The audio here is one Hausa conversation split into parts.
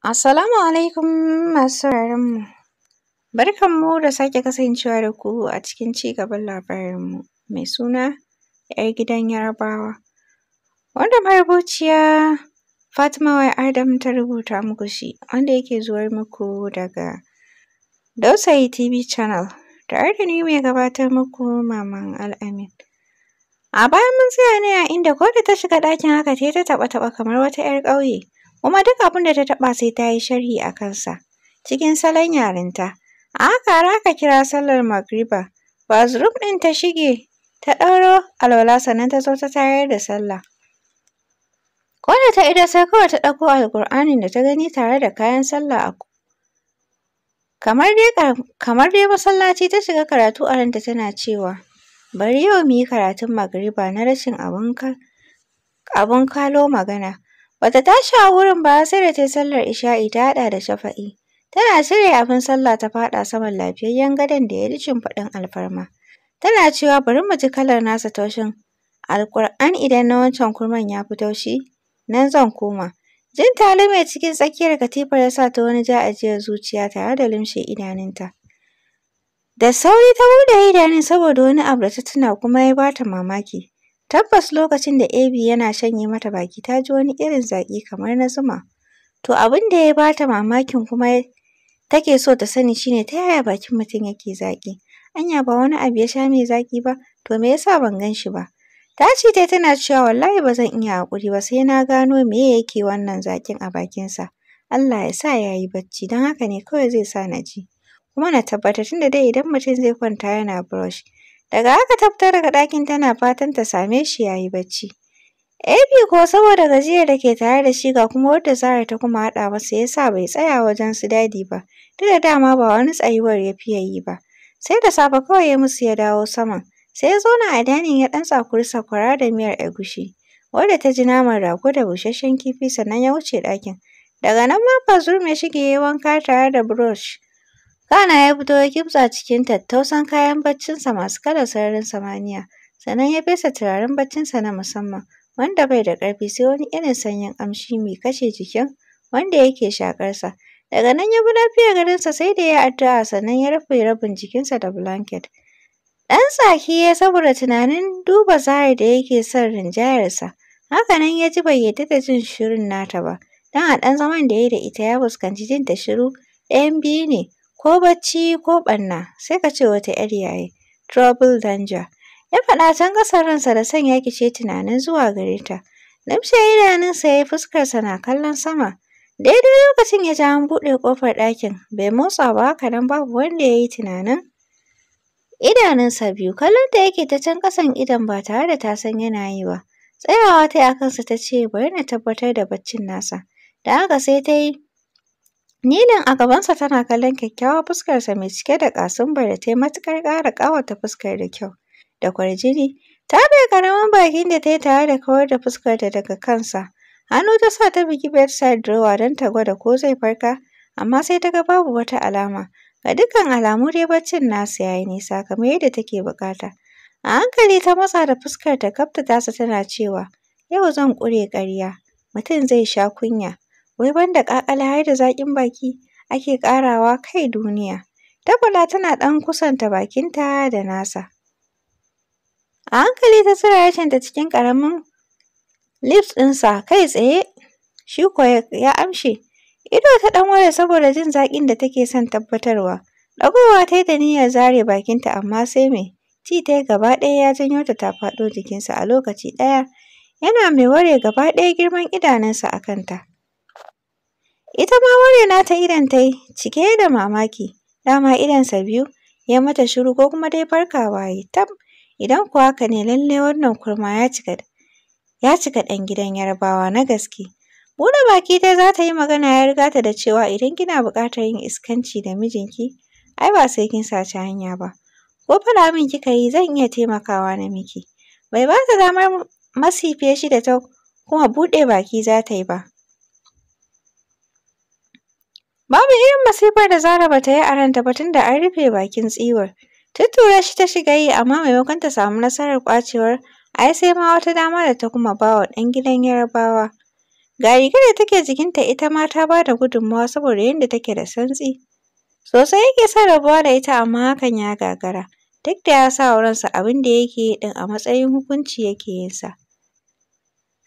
Assalamu alaikum masu sauraronmu. Barkanmu da sake kasancewa da ku a cikin cigaban labarinmu mai suna ‘yar gidan Yarbawa. Wanda marubuciya Fatima Y. Adam ta rubuta muku shi wanda yake zuwar muku daga Dausayi TV Channel tare da ni mai gabatar muku Maman Al'amin. A baya mun tsaya ne a inda ko da ta shiga ɗakin haka ta taɓa-taɓa kamar wata ‘yar ƙauye. kuma duk abin da ta taɓa sai ta yi sharhi a kansa cikin salon yarinta. A haka har aka kira sallar magriba, bathroom ɗin ta shige ta ɗauro alwala sannan ta zo ta tayar da sallah. Ko ta ido sai kawai ta ɗauko alƙur'anin da ta gani tare da kayan sallah kamar dai kamar dai masallaci ta shiga karatu a ranta tana cewa bari yau mu yi karatun magriba na rashin abun kalo magana. Bata tashi a wurin ba sai da ta yi sallar isha'i ta haɗa da shafa'i. Tana shirya abin sallah ta faɗa saman lafiyayyen gadon da ya yi faɗin alfarma. Tana cewa bari mu ji kalar nasa taushin. Alƙur'an idan na wancan kurman ya fi taushi, nan zan koma. Jin tali mai cikin tsakiyar katifar ya sa ta wani ja ajiyar zuciya tare da limshe idanunta. Da sauri ta bude idanun saboda wani abu da ta tuna kuma ya bata mamaki. Tabbas lokacin da Abby yana shanye mata baki ta ji wani irin zaƙi kamar na zuma. To abin da ya bata mamakin kuma take so ta sani shine ta yaya bakin mutum yake zaƙi? Anya ba wani abu ya sha mai zaki ba? To me yasa ban gan shi ba? Ta ce dai tana cewa wallahi ba zan iya haƙuri ba sai na gano me yake wannan zaƙin a bakinsa. Allah ya sa ya yi bacci don haka ne kawai zai sa na ji. Kuma na tabbatar tunda dai idan mutum zai kwanta yana brush Daga haka ta fita daga ɗakin tana fatan ta same shi yayi bacci. Ebi ko saboda gajiyar da ke tare da shi ga kuma wadda Zara ta kuma haɗa masa ya sa bai tsaya wajen su dadi ba, duk da dama ba wani tsayuwar ya fiye yi ba. Sai da safe kawai ya musu ya dawo saman, sai ya zauna a danin ya ɗan tsakuri sakwara da miyar egushi, wadda ta ji naman rago da busasshen kifi sannan ya wuce ɗakin. Daga nan ma fa mai shige yayi yi wanka tare da brush Kana ya fito ya kibsa cikin tattausan kayan baccinsa masu kalar sararin samaniya, sannan ya fesa turaren baccinsa na musamman, wanda bai da ƙarfi sai wani irin sanyin amshi mai kashe jikin wanda yake shaƙarsa. Daga nan ya bi lafiyar garinsa sai da ya addu'a sannan ya rufe rabin jikinsa da blanket. Ɗan tsaki ya saboda tunanin duba Zahra da yake son rinjayarsa. Haka nan ya ji bai yarda da jin shirin nata ba, don a ɗan zaman da ya yi da ita ya fuskanci jin ta shiru ɗayan biyu ne, ko bacci ko ɓanna sai ka ce wata ‘yar yayi trouble danger ya faɗa can ƙasar ransa da son ya ce tunanin zuwa gare ta limshe idanunsa ya yi fuskarsa na kallon sama daidai lokacin ya ji an buɗe ƙofar ɗakin bai motsa ba haka nan babu wanda ya yi tunanin idanunsa biyu kallon da yake ta can ƙasan idon ba tare da ta san yana yi ba tsayawa ta yi a kansa ta ce bari na tabbatar da baccin nasa da haka sai ta yi Nilin a gabansa tana kallon kyakkyawar fuskarsa mai cike da ƙasimba da ta yi matuƙar ƙara ƙawata fuskar da kyau da kwarjini. Ta bai ƙaramin bakin da ta yi tare da kawar da fuskarta daga kansa. Hannu ta sa ta bugi bedside drawer don ta gwada ko zai farka, amma sai ta ga babu wata alama. Ga dukkan alamu dai baccin nasa ya yi nisa kamar yadda take buƙata. A hankali ta matsa da fuskarta gab da tasa tana cewa, yau zan ƙure ƙarya, mutum zai sha kunya. wai banda ƙaƙale har da zaƙin baki ake ƙarawa kai duniya. Tagulla tana ɗan kusanta bakinta da nasa. A hankali ta cire harshen ta cikin ƙaramin lips ɗinsa kai tsaye, shi kuwa ya amshe. Ido ta ɗan ware saboda jin zaƙin da take son tabbatarwa. Ɗagowa ta yi da niyyar zare bakinta amma sai mai ci ta yi gaba ɗaya ya janyo ta ta faɗo jikinsa a lokaci ɗaya, yana mai ware gaba ɗaya girman idanunsa a kanta. Ita ma na ta idon ta yi cike da mamaki, dama idonsa biyu ya mata shiru ko kuma dai farkawa ya yi Tam, Idan kuwa haka ne lallai wannan kurma ya cika ya cika ɗan gidan Yarbawa na gaske. Buɗe baki dai za ta yi magana ya riga ta da cewa idan kina buƙatar yin iskanci da mijinki, ai ba sai kin saci hanya ba. Ko faɗa min kika yi zan iya taimakawa na miki. Bai ba ta damar masife shi da ta kuma buɗe baki za ta yi ba. Babu irin masifar da Zara ba ta yi a ranta ba tun da an rufe bakin tsiwar. tura shi ta shiga yi amma maimakon ta samu nasarar ƙwacewar, ai sai ma wata dama da ta kuma ba wa ɗan gidan Yarabawa. Ga rigar da take jikinta ita ma ta ba da gudunmawa saboda yadda take da santsi. Sosai yake son rabuwa da ita amma hakan ya gagara. Duk da ya sa wa ransa abin da yake yi din a matsayin hukunci yake yinsa.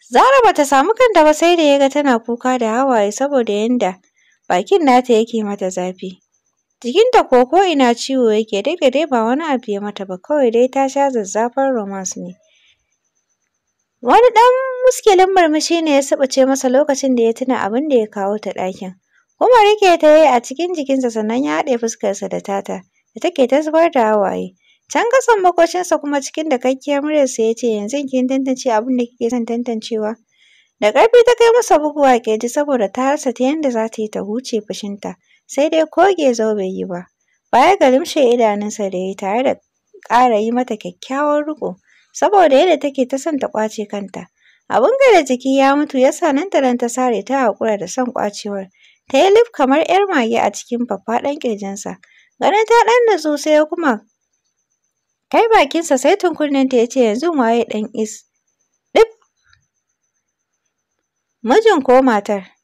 Zara ba ta samu kanta ba sai da ya ga tana kuka da hawaye saboda yanda bakin nata yake mata zafi jikinta ko ina ciwo yake duk da dai ba wani abu ya mata ba kawai dai ta sha zazzafan romance ne wani ɗan muskilin murmushi ne ya suɓuce masa lokacin da ya tuna abin da ya kawo ta ɗakin kuma riƙe ta yayi a cikin jikinsa sannan ya haɗe fuskarsa da tata da take ta zubar da hawaye can kasan makocinsa kuma cikin dakakkiyar muryarsa ya ce yanzu kin tantance abin da kike son tantancewa Da ƙarfi ta kai masa bugu a ƙirji saboda ta rasa ta yanda za ta yi ta huce fushinta, sai dai koge zau bai yi ba. Baya ga lumshe idanunsa da ya yi tare da ƙara yi mata kyakkyawan riƙo saboda yadda take ta son ta ƙwace kanta. Abin gada jiki ya mutu ya sa nan da nan ta sare ta haƙura da son ƙwacewar. Ta yi lif kamar 'yar mage a cikin faffaɗan ƙirjinsa. Ganin ta ɗan natsu sai ya kuma kai bakinsa sai tunkunnenta ya ce yanzu waye ɗan is. mijin ko matar.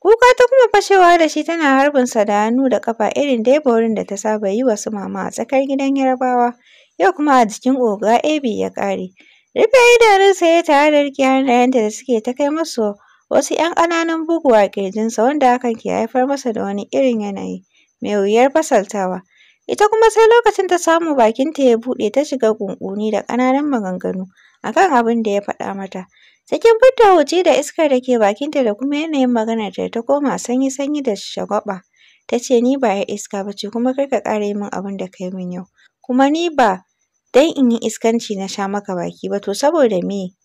Kuka ta kuma fashewa da shi tana harbin sa da hannu da ƙafa irin dai borin da ta saba yi wa su mama a tsakar gidan yarbawa, yau kuma a jikin oga Ebi ya ƙare. Rufe idanunsa ya tare da riƙe hannayenta da suke ta kai masu wasu ‘yan ƙananan bugu a ƙirjinsa wanda hakan ke haifar masa da wani irin yanayi mai wuyar fasaltawa. Ita kuma sai lokacin ta samu bakinta ya buɗe ta shiga ƙunƙuni da ƙananan maganganu akan kan abin da ya faɗa mata. Sakin fitar huci da iskar da ke bakinta da kuma yanayin maganarta ta koma sanyi-sanyi da shagwaba Ta ce ni ba 'yar iska ba ce kuma kar ka ƙara yi min abin da ka yi min yau. Kuma ni ba dan in yi iskanci na sha maka baki ba to saboda me?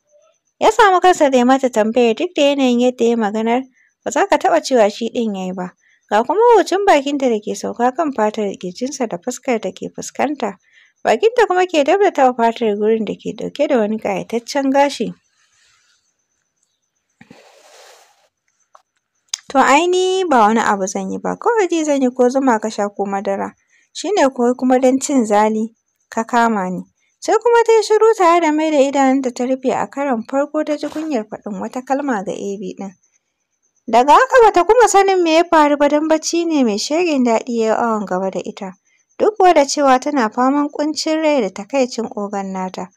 Ya samu kansa da mata tambaya duk da yanayin yadda ya yi maganar ba za ka taɓa cewa shi ɗin ya yi ba. Ga kuma hocin bakinta da ke sauka kan fatar ƙirjinsa da fuskar da ke fuskanta. Bakinta kuma ke dab da taɓa fatar gurin da ke ɗauke da wani ƙayataccen gashi. To ai ni ba wani abu zan yi ba, kawai ji zan yi ko zuma ka sha ko madara. Shi ne kawai kuma don cin zali ka kama ni. Sai kuma ta yi shiru tare da mai da idanunta ta rufe a karon farko ta ji kunyar faɗin wata kalma ga AB ɗin. Daga haka ba ta kuma sanin me ya faru ba don bacci ne mai shegen daɗi ya yi awon gaba da ita. Duk kuwa da cewa tana faman ƙuncin rai da takaicin ogan nata.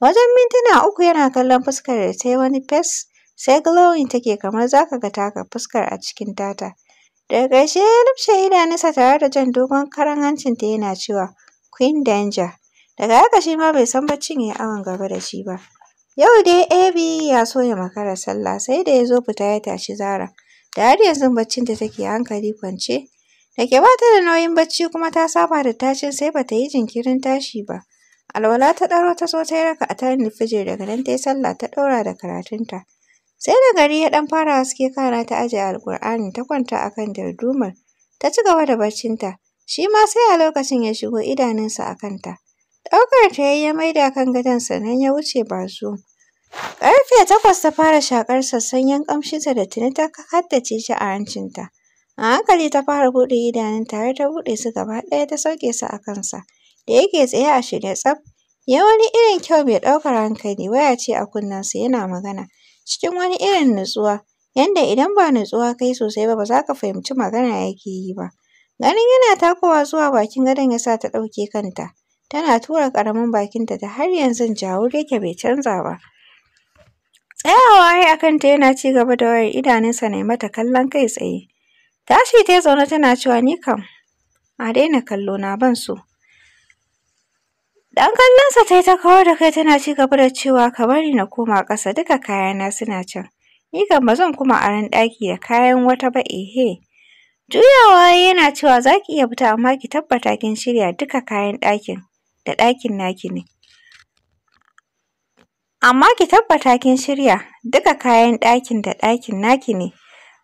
Wajen mintuna uku yana kallon fuskar da ta yi wani fes sai glowing take kamar za ka ga taka fuskar a cikin tata. Daga ƙarshe ya lumshe idanunsa tare da jan dogon karan ta yana cewa Queen Danger. Daga haka shi ma bai san baccin ya awon gaba da shi ba. Yau dai ab ya so ya makara sallah sai da ya zo fita ya tashi Zara. Da har yanzu ta take hankali kwance. Da ke ba ta da nauyin bacci kuma ta saba da tashin sai ba ta yi jinkirin tashi ba. Alwala ta ɗaro ta zo ta yi raka'a ta nufi daga nan ta yi sallah ta ɗaura da karatunta. Sai da gari ya ɗan fara haske kana ta ajiye Alkur'ani ta kwanta akan dardumar, ta ci gaba da barcinta. Shi ma sai a lokacin ya shigo idanunsa a kanta. Ɗaukar ta ya maida kan gadon nan ya wuce ba zo. Ƙarfe takwas ta fara shaƙar sassanyen ƙamshinsa da tuni ta haddace shi a hancinta. A hankali ta fara buɗe idanun tare ta buɗe su gaba ɗaya ta sauke su a kansa da yake tsaye a shirye tsaf. Ya wani irin kyau mai ɗaukar hankali, waya ce a kunnensa yana magana. cikin wani irin nutsuwa yanda idan ba nutsuwa ka sosai ba ba za ka fahimci magana yake yi ba. Ganin yana takowa zuwa bakin gadon ya sa ta ɗauke kanta, tana tura ƙaramin bakinta da har yanzu jawo yake bai canza ba. Tsayawa ya yi a kanta yana ci gaba da wayar idanunsa na mata kallon kai tsaye. Tashi ta yi zaune tana cewa ni kam a daina kallo na ban so. Dan kallonsa ta yi ta kawar da kai tana ci gaba da cewa ka bari na koma ƙasa duka kayana suna can. Ni kam ba zan kuma aron ɗaki da kayan wata ba ehe. Juyawa yana cewa za ki iya fita amma ki tabbata kin shirya duka kayan ɗakin da ɗakin naki ne. Amma ki tabbata kin shirya duka kayan ɗakin da ɗakin naki ne.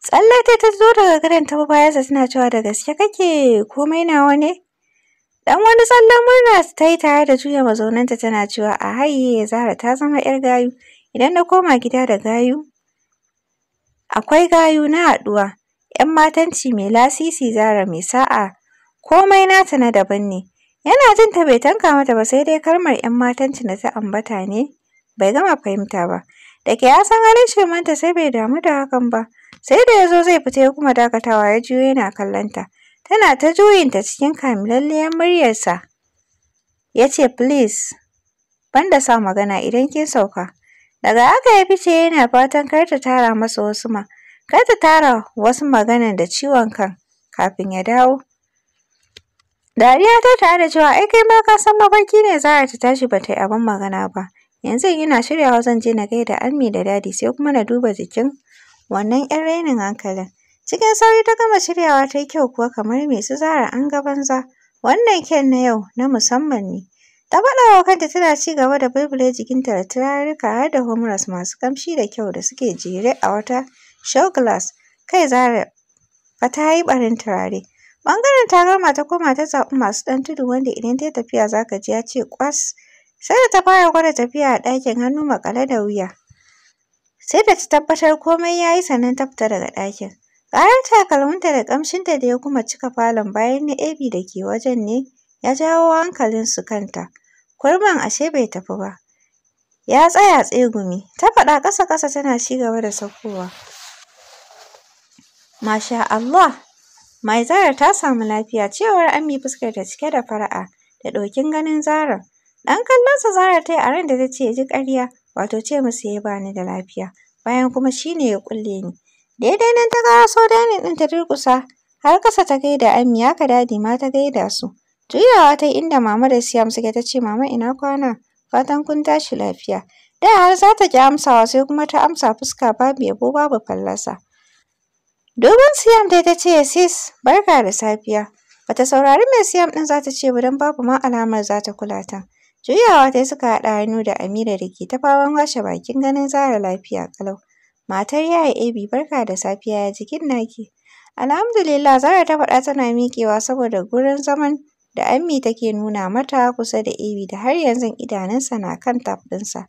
Tsalle ta zo daga gadon ta bayansa tana cewa da gaske kake komai nawa ne? Dan wani tsallen murna ta yi tare da juya mazauninta tana cewa a haye Zara ta zama 'yar gayu. Idan na koma gida da gayu, akwai gayu na haɗuwa. 'Yan matanci mai lasisi Zara mai sa'a, komai nata na daban ne. Yana jin ta bai tanka mata ba sai dai kalmar 'yan matanci na ta ambata ne bai gama fahimta ba. Da ke ya san halin shirmanta sai bai damu da hakan ba. Sai da ya zo zai fita ya kuma dakatawa ya juyo yana kallonta. Tana ta juyin ta cikin kamilalliyar muryarsa. Ya ce, Please, ban sa magana idan kin sauka. Daga haka ya fice yana fatan kar ta tara masa wasu ma, kar ta tara wasu maganan da ciwon kan kafin ya dawo. Dariya ta tare da cewa, Ai, kai ma ka san mafarki ne Zara ta tashi ba ta yi abin magana ba. Yanzu ina shiryawa zan je na gaida Ammi da Dadi sai kuma na duba jikin wannan 'yan rainin hankalin. Cikin sauri ta gama shiryawa ta yi kyau kuwa kamar mai su zara an ga banza. Wannan kyan na yau na musamman ne. Ta faɗa wa kanta tana ci gaba da bulbule jikinta da turaruka har da homeras masu kamshi da kyau da suke jere a wata show glass. Kai Zara fa ta yi ɓarin turare. Ɓangaren gama ta koma ta zaɓi masu ɗan tudu wanda idan ta yi tafiya za ka ji ya ce ƙwas. Sai da ta fara gwada tafiya a ɗakin hannu maƙale da wuya. Sai da ta tabbatar komai ya yi sannan ta fita daga ɗakin. Ƙarar takalminta da ƙamshinta da ya kuma cika falon bayan na Abby da ke wajen ne ya jawo su kanta. Kurman ashe bai tafi ba. Ya tsaya tsegumi, ta faɗa ƙasa-ƙasa tana ci gaba da saukowa. Masha Allah, mai zarar ta samu lafiya cewar Ami fuskarta cike da fara'a da ɗokin ganin zarar Ɗan kallonsa zarar ta yi a ran da ta ce ya ji karya, wato ce musu ya ba ni da lafiya, bayan kuma shi ne ya ƙulle ni. Daidai nan ta so dainin ɗin ta durƙusa har kasa ta gaida amiya ka dadi ma ta gaida su. Juyawa ta inda mama da Siyam suke ta ce mama ina kwana fatan kun tashi lafiya. Da har za ta ƙi amsawa sai kuma ta amsa fuska babu yabo babu fallasa. Dogon Siyam dai ta ce sis barka da safiya. Bata saurari mai Siyam ɗin za ta ce ba don babu ma alamar za ta kula ta. Juyawa ta suka haɗa hannu da Amira da ke ta faman washe bakin ganin Zara lafiya kalau. Matar yaya Ebi barka da safiya ya jikin naki? Alhamdulillah Zara ta faɗa tana miƙewa saboda gurin zaman da Ammi take nuna mata kusa da Ebi da har yanzu idanunsa na kan taf ɗinsa.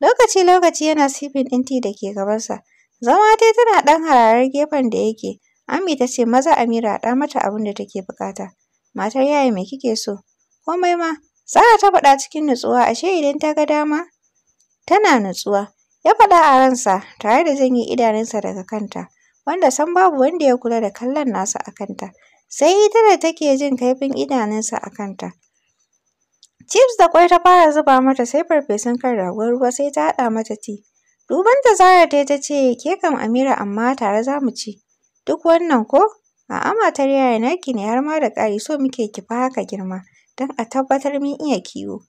Lokaci-lokaci yana sifin ɗin da ke gabansa. Zama dai tana ɗan hararar gefen da yake. Ami ta ce maza Amira haɗa mata abin da take buƙata. Matar yaya me kike so? Komai ma. Zara ta faɗa cikin nutsuwa ashe idan ta ga dama tana nutsuwa. ya faɗa a ransa tare da janye idanunsa daga kanta, wanda san babu wanda ya kula da kallon nasa a kanta, sai ita da take jin kaifin idanunsa a kanta. Chips da kwai ta fara zuba mata sai farfesun kan ragon ruwa sai ta haɗa mata ti. ta Zara dai ta ce, ke kam Amira amma tare za mu ci. Duk wannan ko? A'a matar yaya naki ne har ma da ƙari so muke ki fa haka girma, don a tabbatar mun iya kiwo.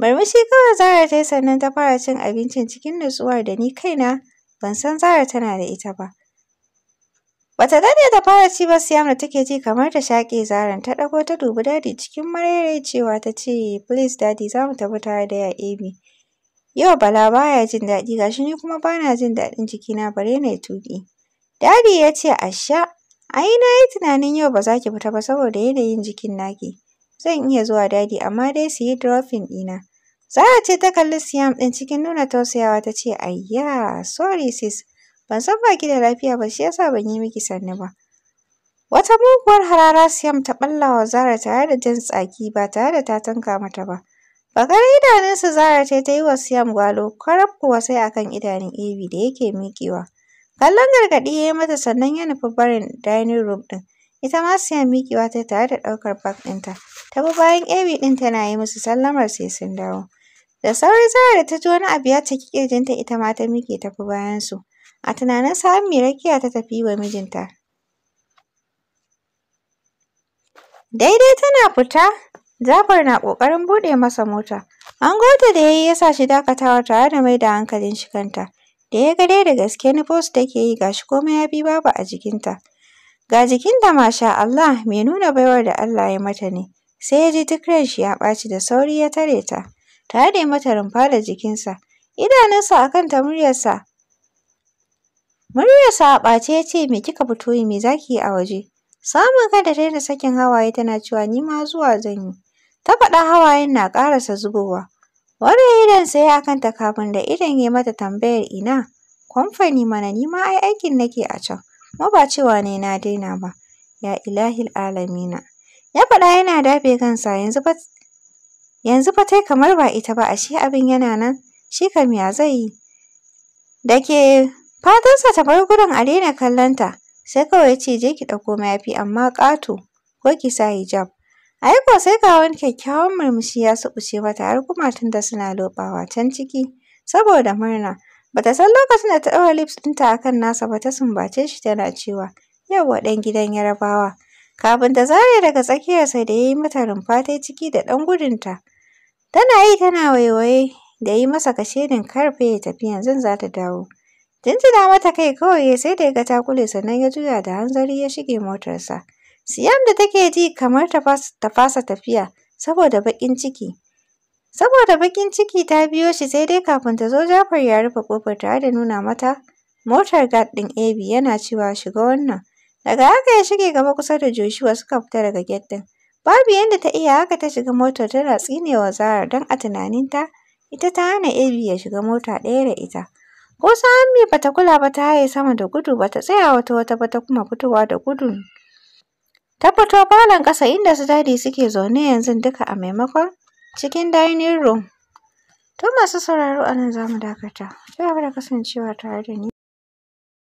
marmashi kawai Zara ta yi sannan ta fara cin abincin cikin nutsuwa, da ni kaina ban san Zara tana da ita ba. Bata daɗe ta fara ci ba Siyam da take ji kamar ta shaƙe Zaran ta ɗago ta dubi Dadi cikin cewa ta ce please Dadi za mu tafi tare da ya Ebi. Yau Bala baya jin daɗi gashi ni kuma bana jin daɗin jikina bare na yi tuƙi. Dadi ya ce asha ai na yi tunanin yau ba za ki fita ba saboda yanayin jikin naki. Zan iya zuwa Dadi amma dai su yi dropping ɗina. Zara ce ta kalli Siyam ɗin cikin nuna tausayawa ta ce ayya sorry sis ban san baki da lafiya ba shi yasa ban yi miki sannu ba. Wata muguwar harara Siyam ta ɓalla wa Zara tare da jan tsaki ba tare da ta tanka mata ba. Bakar idanunsu Zara ce ta yi wa Siyam gwalo karab kuwa sai akan idanun Ebi da yake miƙewa. Kallon gargaɗi ya yi mata sannan ya nufi barin dining room ɗin. Ita ma Siyam miƙewa ta tare da ɗaukar bag ɗinta. Ta bi bayan Ebi ɗin tana yi musu sallamar sai sun dawo. Da sauri Zara da ta ji wani abu ya caki ƙirjinta ita ma ta miƙe tafi bi bayansu. A tunanin tunaninsa Ummi rakiya ta tafi yi wa mijinta. Daidai tana fita, Jafar na ƙoƙarin buɗe masa mota. An da ya yi ya sa shi dakatawa tare da mai da hankalin shi kanta. Da ya ga dai da gaske bos su take yi ga shi komai ya bi babu a jikinta. Ga jikinta masha Allah mai nuna baiwar da Allah ya mata ne. Sai ya ji duk shi ya ɓaci da sauri ya tare ta. ta haɗe mata rumfa da jikinsa idanunsa a kanta muryarsa muryarsa a ɓace ya ce me kika fito yi me zaki yi a waje samun kai da daina sakin hawaye tana cewa ni ma zuwa zan yi ta faɗa hawayen na ƙarasa zubowa ware idonsa ya kanta kafin da idon ya mata tambayar ina kamfani mana ni ma ai aikin nake a can kuma ba cewa ne na daina ba ya ilahil alamina ya faɗa yana dafe kansa yanzu fa Yanzu fa tai kamar ba ita ba ashe abin yana nan, shi kam ya zai yi? Da ke fatansa ta bar gurin a daina kallonta, sai kawai ya ce je ki ɗauko mayafi amma ƙato ko ki sa hijab. Ai ko sai ga wani kyakkyawan murmushi ya suɓuce mata har kuma da suna loɓawa can ciki saboda murna. Bata san lokacin da ta ɗaura lips ɗinta a kan nasa ba ta sumbace shi tana cewa yawwa ɗan gidan Yarabawa. kafin ta zare daga tsakiyarsa da yayi mata rumfa ta ciki da ɗan ta, Tana yi tana waiwaye da yi masa kashedin karfe ya tafi yanzu za ta dawo. Jinjina mata kai kawai sai da ga ta sannan ya juya da hanzari ya shige motarsa. Siyam da take ji kamar ta fasa tafiya saboda bakin ciki. Saboda bakin ciki ta biyo shi sai dai kafin ta zo Jafar ya rufe kofar tare da nuna mata motar gad ɗin AB yana cewa shiga wannan. Daga haka ya shige gaba kusa da Joshua suka fita daga gate din. Babu yadda ta iya haka ta shiga mota tana tsinewa Zara don a tunanin ta, ita ta hana Abby ya shiga mota ɗaya da ita. Ko Sammy ba ta kula ba ta haye sama da gudu ba ta tsaya wata wata ba ta kuma fitowa da gudu. Ta fito falon ƙasa inda su dadi suke zaune yanzu duka a maimakon cikin dining room. To masu sauraro a nan za mu dakata. Ci gaba da kasancewa tare da ni.